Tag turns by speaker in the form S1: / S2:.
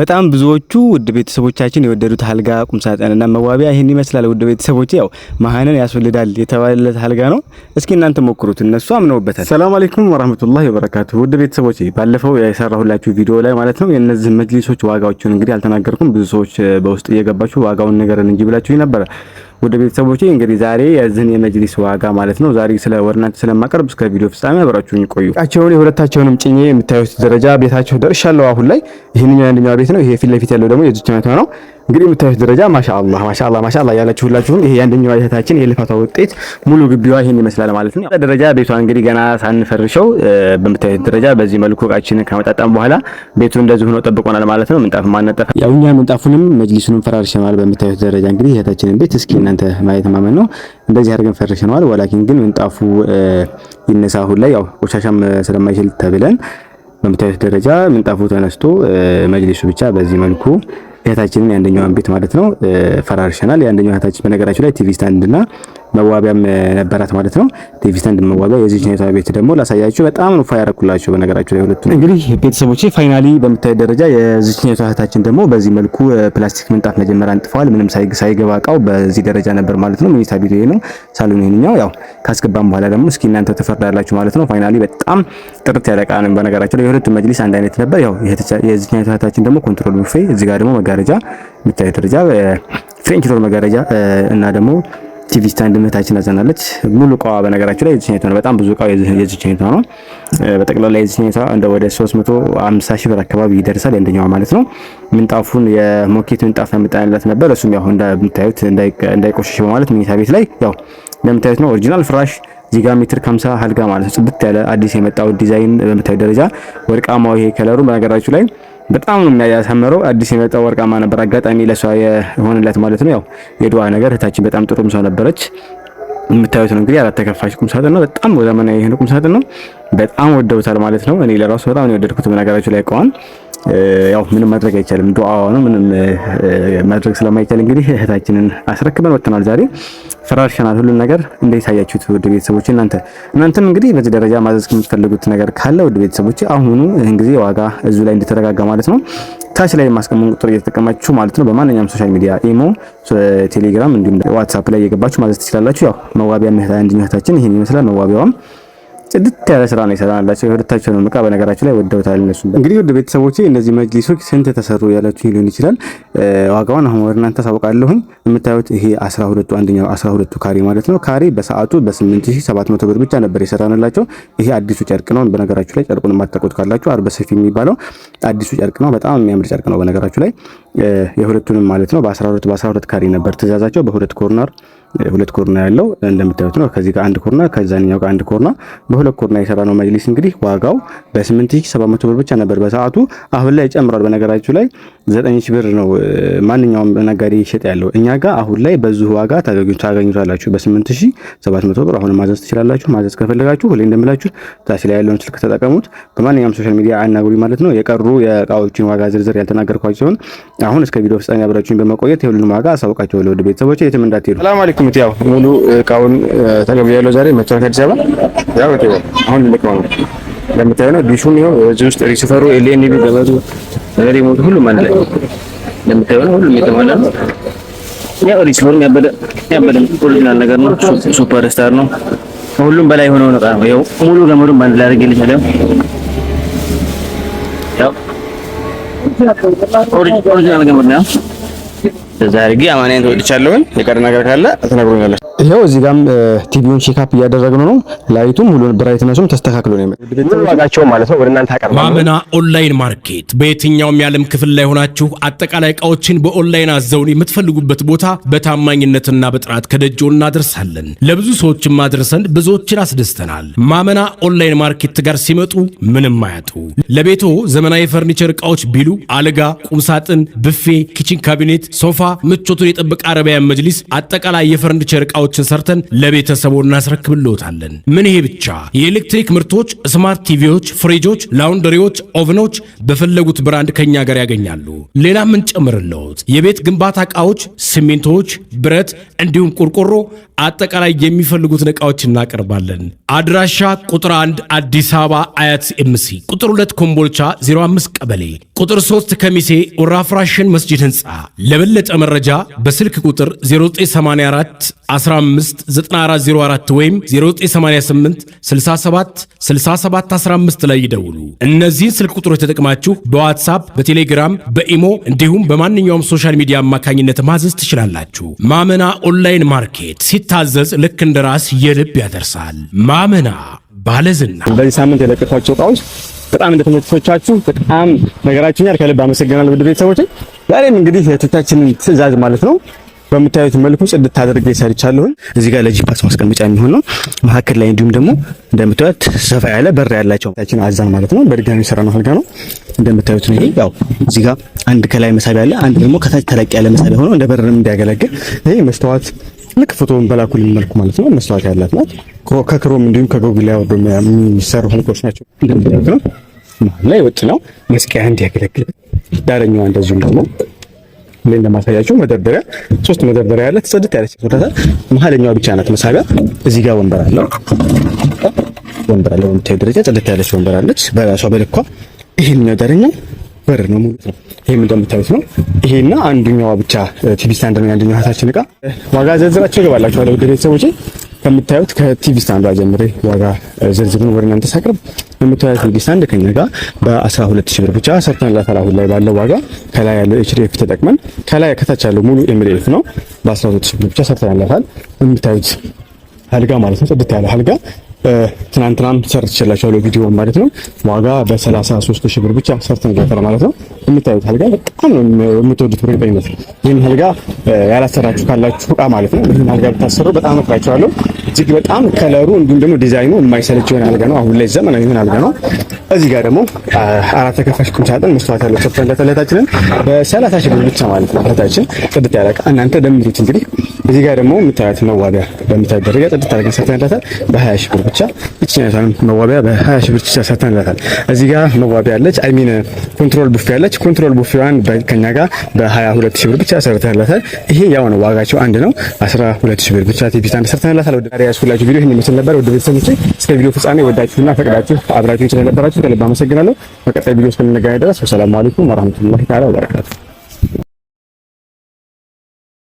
S1: በጣም ብዙዎቹ ውድ ቤተሰቦቻችን የወደዱት አልጋ ቁምሳጥንና መዋቢያ ይህን ይመስላል። ውድ ቤተሰቦች ያው መሀንን ያስወልዳል የተባለለት አልጋ ነው። እስኪ እናንተ ሞክሩት፣ እነሱ አምነውበታል።
S2: ሰላም አለይኩም ወራህመቱላሂ ወበረካቱ። ውድ ቤተሰቦች ባለፈው የሰራሁላችሁ ቪዲዮ ላይ ማለት ነው የእነዚህ መጅሊሶች ዋጋዎችን እንግዲህ አልተናገርኩም። ብዙ ሰዎች በውስጥ እየገባችሁ ዋጋውን ነገርን እንጂ ብላችሁ ነበረ። ወደ ቤተሰቦቼ እንግዲህ ዛሬ የዚህን የመጅሊስ ዋጋ ማለት ነው ዛሬ ስለ ወርናት ስለማቀርብ እስከ ቪዲዮ ፍጻሜ አብራችሁኝ ቆዩ። ቃቸውን የሁለታቸውንም ጭኜ የምታዩት ደረጃ ቤታቸው ደርሻለሁ። አሁን ላይ ይህንኛው የአንደኛው ቤት ነው። ይሄ ፊት ለፊት ያለው ደግሞ የዝችነት ነው። እንግዲህ የምታዩት ደረጃ ማሻአላህ ማሻአላህ ማሻአላህ ያላችሁ ሁላችሁም። ይሄ የአንደኛው እህታችን የልፋቷ ውጤት ሙሉ ግቢዋ ይሄን ይመስላል ማለት ነው። ደረጃ ቤቷ እንግዲህ ገና ሳንፈርሸው በምታዩት ደረጃ በዚህ መልኩ እቃችንን ከመጣጣም በኋላ ቤቱ እንደዚህ ሆኖ ጠብቆናል ማለት ነው። ምንጣፍ ማነጠፈ ያው እኛ ምንጣፉንም መጅሊሱንም ፈራርሸናል በምታዩት ደረጃ እንግዲህ እህታችንን ቤት እስኪ እናንተ ማየት ማመን ነው። እንደዚህ አድርገን ፈርሸነዋል። ወላኪን ግን ምንጣፉ ይነሳ አሁን ላይ ያው ቆሻሻም ስለማይችል ተብለን በምታዩት ደረጃ ምንጣፉ ተነስቶ መጅሊሱ ብቻ በዚህ መልኩ እህታችንን የአንደኛዋን ቤት ማለት ነው ፈራርሸናል። የአንደኛዋ እህታችን በነገራችሁ ላይ ቲቪ ስታንድና መዋቢያም ነበራት ማለት ነው። ቲቪ ስታንድ መዋቢያ የዚች ኔታ ቤት ደግሞ ላሳያችሁ። በጣም ነው ፋይ ያረኩላችሁ። በነገራችሁ ላይ ሁለቱ እንግዲህ ቤተሰቦቼ ፋይናሊ በምታዩት ደረጃ የዚህ ነው እህታችን ደግሞ በዚህ መልኩ ፕላስቲክ ምንጣፍ መጀመሪያ አንጥፈዋል። ምንም ሳይገባ እቃው በዚህ ደረጃ ነበር ማለት ነው። ኔታ ቤት ይሄ ነው፣ ሳሎን ይሄኛው። ያው ካስገባም በኋላ ደግሞ እስኪ እናንተ ትፈርዳላችሁ ማለት ነው። ፋይናሊ በጣም ጥርት ያለ እቃ ነው። በነገራችሁ ላይ የሁለቱ መጅሊስ አንድ አይነት ነበር። ያው የዚህ ነው እህታችን ደግሞ ኮንትሮል ቡፌ፣ እዚህ ጋር ደግሞ መጋረጃ፣ የምታዩት ደረጃ ፍሬንች ዶር መጋረጃ እና ደግሞ ቲቪ ስታንድ እህታችን አዘናለች። ሙሉ እቃዋ በነገራችሁ ላይ የዚች ነው። በጣም ብዙ እቃ የዚች አይነት ነው። በጠቅላላ የዚች አይነት እንደ ወደ 350 ሺህ ብር አካባቢ ይደርሳል። አንደኛዋ ማለት ነው። ምንጣፉን የሞኬት ምንጣፍ ያመጣንላት ነበር። እሱም ያው እንደምታዩት እንዳይቆሽሽ በማለት መኝታ ቤት ላይ ያው እንደምታዩት ነው። ኦሪጂናል ፍራሽ ዚጋ ሜትር 50 አልጋ ማለት ነው። ጽድት ያለ አዲስ የመጣው ዲዛይን በምታዩት ደረጃ ወርቃማው ይሄ ከለሩ በነገራችሁ ላይ በጣም ነው ያሳመረው። አዲስ የመጣው ወርቃማ ነበር። አጋጣሚ ለሷ የሆነላት ማለት ነው። ያው የድዋ ነገር እህታችን በጣም ጥሩም ሰው ነበረች። የምታዩት ነው እንግዲህ አራት ተከፋሽ ቁም ሳጥን ነው። በጣም ዘመናዊ የሆነ ቁም ሳጥን ነው። በጣም ወደውታል ማለት ነው። እኔ ለራሱ በጣም ነው የወደድኩት። በነገራችሁ ላይ እቃዋን ያው ምንም ማድረግ አይቻልም። ዱዓዋ ነው። ምንም ማድረግ ስለማይቻል እንግዲህ እህታችንን አስረክበን ወጥተናል። ዛሬ ፈራርሸናል። ሁሉን ነገር እንደታያችሁት ውድ ቤተሰቦች፣ እናንተ እናንተም እንግዲህ በዚህ ደረጃ ማዘዝ የምትፈልጉት ነገር ካለ ውድ ቤተሰቦች አሁኑ ይህን ጊዜ ዋጋ እዙ ላይ እንደተረጋጋ ማለት ነው ታች ላይ የማስቀመጥ ቁጥር እየተጠቀማችሁ ማለት ነው። በማንኛውም ሶሻል ሚዲያ ኢሞ፣ ቴሌግራም እንዲሁም ዋትሳፕ ላይ እየገባችሁ ማዘዝ ትችላላችሁ። ያው መዋቢያ እህታችን ይህን ይመስላል መዋቢያውም ጽድት ያለ ስራ ነው የሰራንላቸው። ነው እቃ በነገራቸው ላይ ወደውታል እነሱ። እንግዲህ ወደ ቤተሰቦች እነዚህ መጅሊሶች ስንት ተሰሩ ያላችሁ ሊሆን ይችላል። ዋጋውን አሁን ወደ እናንተ አሳውቃለሁኝ። የምታዩት ይሄ 12ቱ አንደኛው 12ቱ ካሬ ማለት ነው። ካሬ በሰዓቱ በ8700 ብር ብቻ ነበር የሰራንላቸው። ይሄ አዲሱ ጨርቅ ነው በነገራችሁ ላይ። ጨርቁን የማታውቁት ካላችሁ አርበ ሰፊ የሚባለው አዲሱ ጨርቅ ነው። በጣም የሚያምር ጨርቅ ነው በነገራችሁ ላይ። የሁለቱንም ማለት ነው በ12 በ12 ካሬ ነበር ትእዛዛቸው በሁለት ኮርነር ሁለት ኮርና ያለው እንደምታዩት ነው። ከዚህ ጋር አንድ ኮርና ከዛኛው ጋር አንድ ኮርና በሁለት ኮርና የሰራ ነው መጅሊስ እንግዲህ ዋጋው በ8700 ብር ብቻ ነበር በሰዓቱ። አሁን ላይ ጨምሯል። በነገራችሁ ላይ 9000 ብር ነው ማንኛውም ነጋዴ ይሸጥ ያለው። እኛ ጋር አሁን ላይ በዚሁ ዋጋ ታገኙታላችሁ በ8700 ብር። አሁን ማዘዝ ትችላላችሁ። ማዘዝ ከፈለጋችሁ ሁሌ እንደምላችሁ ታች ላይ ያለውን ስልክ ተጠቀሙት። በማንኛውም ሶሻል ሚዲያ አናግሩኝ ማለት ነው። የቀሩ የእቃዎችን ዋጋ ዝርዝር ያልተናገርኳችሁ ሲሆን አሁን እስከ ቪዲዮ ፍጻሜ አብራችሁኝ በመቆየት የሁሉንም ዋጋ አሳውቃችኋለሁ። ወደ ቤተሰቦች የትም እንዳትሄዱ። ሰላም አለይኩም እንደምታዩት ያው ሙሉ እቃውን ተገብያለሁ ዛሬ መጥቷል። አዲስ አበባ ያው አሁን ልልቀው ነው እንደምታዩ ነው። ዲሹም ይኸው እዚህ ውስጥ ሪሲቨሩ፣ ኤልኤንቢ፣ ገበቱ፣ ሪሞት ሁሉም አንድ ላይ ነው። ሁሉም የተሟላ ነው። ያው ሪሲቨሩም ያበደ ያበደ ኦሪጂናል ነገር ነው። ሱፐር ስታር ነው። ከሁሉም በላይ የሆነው ነው። ያው ሙሉ ገመዱን ባንድ ላይ አድርጌልሻለሁ። ያው ኦሪጂናል ገመድ ነው። በዛ አድርጌ አማንያን ተወጥቻለሁኝ። የቀረ ነገር ካለ ትነግሩኛለች። ይሄው እዚህ ጋም ቲቪውን ቼክአፕ እያደረግነው ነው። ላይቱም ሁሉ ብራይትነሱም ተስተካክሎ ነው ዋጋቸው ማለት ነው። ወደ እናንተ አቀርባለሁ። ማመና ኦንላይን ማርኬት በየትኛውም የዓለም ክፍል ላይ ሆናችሁ አጠቃላይ እቃዎችን በኦንላይን አዘውን የምትፈልጉበት ቦታ በታማኝነትና በጥራት ከደጅዎ እናደርሳለን። ለብዙ ሰዎችም አድርሰን ብዙዎችን አስደስተናል። ማመና ኦንላይን ማርኬት ጋር ሲመጡ ምንም አያጡ። ለቤቶ ዘመናዊ የፈርኒቸር እቃዎች ቢሉ አልጋ፣ ቁምሳጥን፣ ብፌ፣ ኪችን ካቢኔት፣ ሶፋ፣ ምቾቱን የጠበቀ አረቢያን መጅሊስ፣ አጠቃላይ የፈርኒቸር እቃዎች ፕሮግራሞችን ሰርተን ለቤተሰቡ እናስረክብልዎታለን። ምን ይሄ ብቻ! የኤሌክትሪክ ምርቶች፣ ስማርት ቲቪዎች፣ ፍሪጆች፣ ላውንደሪዎች፣ ኦቨኖች በፈለጉት ብራንድ ከኛ ጋር ያገኛሉ። ሌላ ምን ጨምርልዎት? የቤት ግንባታ ዕቃዎች፣ ሲሚንቶዎች፣ ብረት እንዲሁም ቆርቆሮ፣ አጠቃላይ የሚፈልጉትን ዕቃዎች እናቀርባለን። አድራሻ ቁጥር 1 አዲስ አበባ አያት ኤምሲ፣ ቁጥር 2 ኮምቦልቻ 05 ቀበሌ፣ ቁጥር 3 ከሚሴ ወራፍራሽን መስጂድ ህንፃ። ለበለጠ መረጃ በስልክ ቁጥር 0984 05 9404 ወይም 0988 67 67 15 ላይ ይደውሉ። እነዚህን ስልክ ቁጥሮች ተጠቅማችሁ በዋትሳፕ በቴሌግራም በኢሞ እንዲሁም በማንኛውም ሶሻል ሚዲያ አማካኝነት ማዘዝ ትችላላችሁ። ማመና ኦንላይን ማርኬት ሲታዘዝ ልክ እንደ ራስ የልብ ያደርሳል። ማመና ባለዝና በዚህ ሳምንት የለቀኳቸው እቃዎች በጣም እንደተመቻችሁ በጣም ነገራችሁኛል። ከልብ አመሰግናለሁ ውድ ቤተሰቦች። ዛሬም እንግዲህ የእህቶቻችንን ትዕዛዝ ማለት ነው በምታዩት መልኩ ጽድት አድርጌ ሰርቻለሁኝ። እዚህ ጋር ለጂፓስ ማስቀመጫ የሚሆን ነው። መካከል ላይ እንዲሁም ደግሞ እንደምታዩት ሰፋ ያለ በር ያላቸው ታችን አዛን ማለት ነው። በድጋሚ ሰራ ነው አልጋ ነው እንደምታዩት ነው። ይሄ ያው እዚህ ጋር አንድ ከላይ መሳቢያ አለ፣ አንድ ደግሞ ከታች ተለቅ ያለ መሳቢያ ሆኖ እንደ በርም እንዲያገለግል ይሄ መስተዋት ልክ ፎቶውን በላኩል መልኩ ማለት ነው መስተዋት ያላት ናት። ከክሮም እንዲሁም ከጎግል ያወርዱ የሚሰሩ ህንቆች ናቸው። እንደምታዩት ነው። መሀል ላይ ወጥ ነው መስቀያ እንዲያገለግል ዳረኛዋ እንደዚሁም ደግሞ ምን እንደማሳያችሁ መደርደሪያ ሶስት መደርደሪያ ያለ ጽድት ያለች ወደታ መሀለኛዋ ብቻ ናት መሳቢያ። እዚህ ጋር ወንበር አለ ወንበር አለ በምታዩ ደረጃ ጽድት ያለች ወንበር አለች በራሷ በልኳ። ይሄኛው ደረኛ በር ነው ሙሉ ነው። ይሄም እንደምታዩት ነው። ይሄና አንደኛዋ ብቻ ቲቪ ስታንድ ነው። አንዱኛው ሀሳችን እቃ ዋጋ ዘዝራችሁ ይገባላችኋል ውድ ቤተሰቦቼ ከምታዩት ከቲቪ ስታንድ ጀምሬ ዋጋ ዝርዝሩን ወደ እናንተ ሳቅርብ የምታዩት ቲቪ ስታንድ ከኛ ጋር በ12 ሺህ ብር ብቻ ሰርተን አሁን ላይ ባለው ዋጋ ከላይ ያለው ኤችዲኤፍ ተጠቅመን ከላይ ከታች ያለው ሙሉ ኤምዲኤፍ ነው። በ12 ሺህ ብር ብቻ ሰርተን ሰርተንላታል። የምታዩት አልጋ ማለት ነው። ጽድት ያለ አልጋ ትናንትናም ሰርቼላችኋለሁ ቪዲዮ ማለት ነው። ዋጋ በ33 ሺህ ብር ብቻ ሰርተን ገጠር ማለት ነው። የምታዩት አልጋ በጣም የምትወዱት ብር ይመስል ይህን አልጋ ያላሰራችሁ ካላችሁ እቃ ማለት ነው ይህን አልጋ ብታሰሩ በጣም እመክራችኋለሁ። እጅግ በጣም ከለሩ እንዲሁም ደግሞ ዲዛይኑ የማይሰለች የሆነ አልጋ ነው። አሁን ላይ ዘመናዊ የሆነ አልጋ ነው። እዚህ ጋር ደግሞ አራት ተከፋሽ ቁም ሳጥን መስታወት ያለው ከፍተን ለታችንን በ30 ሺህ ብር ብቻ ማለት ነው። ለታችን ጥድት ያለ እቃ እናንተ ደምዱት እንግዲህ እዚህ ጋር ደግሞ የምታዩት መዋቢያ በምታዩት ደረጃ ጽድት አድርገን ሰርተንላታል በ20 ሺህ ብር ብቻ። ይችኛዋን መዋቢያ በ20 ሺህ ብር ብቻ እቺ ሰርተንላታል። እዚህ ጋር መዋቢያ አለች፣ አይ ሚን ኮንትሮል ቡፌ አለች። ኮንትሮል ቡፌዋን ከኛ ጋር በ22 ሺህ ብር ብቻ ሰርተንላታል። ይሄ ያው ነው፣ ዋጋቸው አንድ ነው፣ 12 ሺህ ብር ብቻ ቲፒስ አንድ ሰርተንላታል። ወደ ጋር ያስኩላችሁ ቪዲዮ ይሄን ይመስል ነበር። ወደ ቤተሰቦቼ እስከ ቪዲዮ ፍጻሜ ወዳችሁና ፈቅዳችሁ አብራችሁን ስለነበራችሁ ከልብ አመሰግናለሁ። በቀጣይ ቪዲዮ እስከምንገናኝ ድረስ ወሰላሙ አለይኩም ወራህመቱላሂ ወበረካቱ።